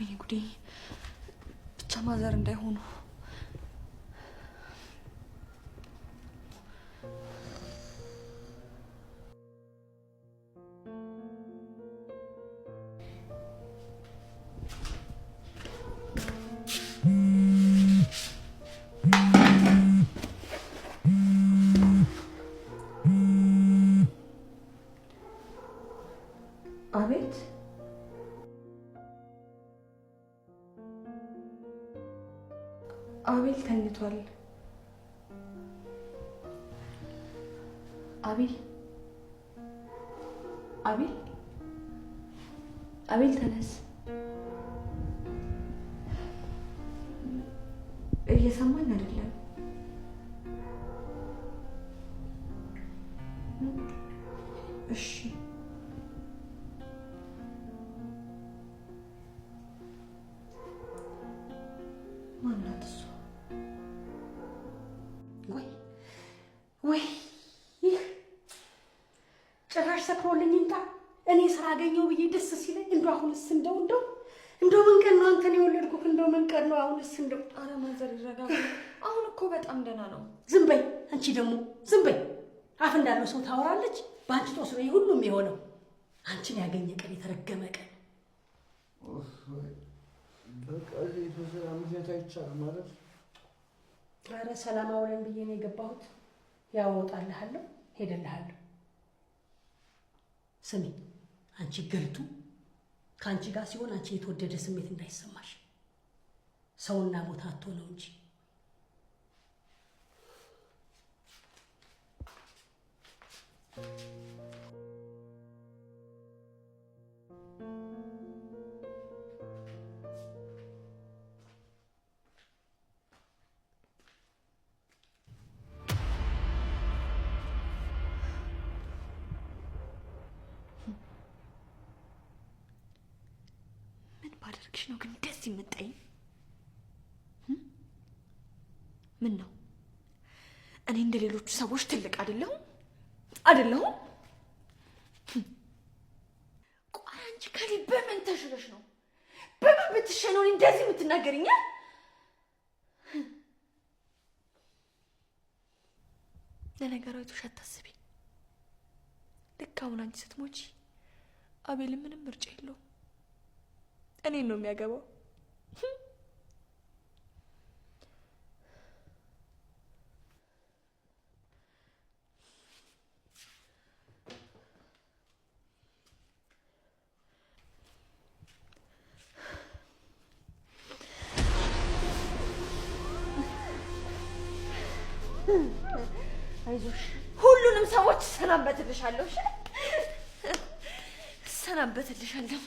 ወይኔ ጉዴ! ብቻ ማዘር እንዳይሆኑ አቤት አቤል ተኝቷል። አቤል አቤል አቤል ተነስ። እየሰማኝ አይደለም። እሺ ወይ ይህ ጭራሽ ሰክሮልኝ እኔ ስራ አገኘው ብዬ ደስ ሲለኝ እንደው አሁንስ እንደው እንደው እንደው ምን ቀን ነው አንተን የወለድኩህ? እንደው ምን ቀን ነው አሁንስ? እንደው ኧረ ማዘር ይረጋ። አሁን እኮ በጣም ደህና ነው። ዝም በይ አንቺ ደግሞ ዝም በይ። አፍ እንዳለው ሰው ታወራለች። በአንቺ ጦስ ነው ሁሉም የሆነው። አንቺን ያገኘ ቀን የተረገመ ቀን። በቃ ሴቶ ስራ ምክንያት አይቻልም ማለት ኧረ ሰላም አውለን ብዬ ነው የገባሁት ያወጣልሃለሁ፣ ሄደልሃለሁ። ስሚ አንቺ ገልቱ፣ ከአንቺ ጋር ሲሆን አንቺ የተወደደ ስሜት እንዳይሰማሽ ሰውና ቦታ አቶ ነው እንጂ ነው ግን ደስ የምጠይኝ? ምን ነው እኔ እንደ ሌሎቹ ሰዎች ትልቅ አይደለሁም አይደለሁም? ቆይ አንቺ ከሌ በምን ተሽለሽ ነው በምን ብትሸነው እንደዚህ የምትናገርኛ? ለነገሩ አይቶሽ አታስቢ። ልክ አሁን አንቺ ስትሞቺ አቤል ምንም ምርጫ የለውም። እኔን ነው የሚያገባው። ሁሉንም ሰዎች ሰናበትልሻለሁ፣ ሰናበትልሻለሁ።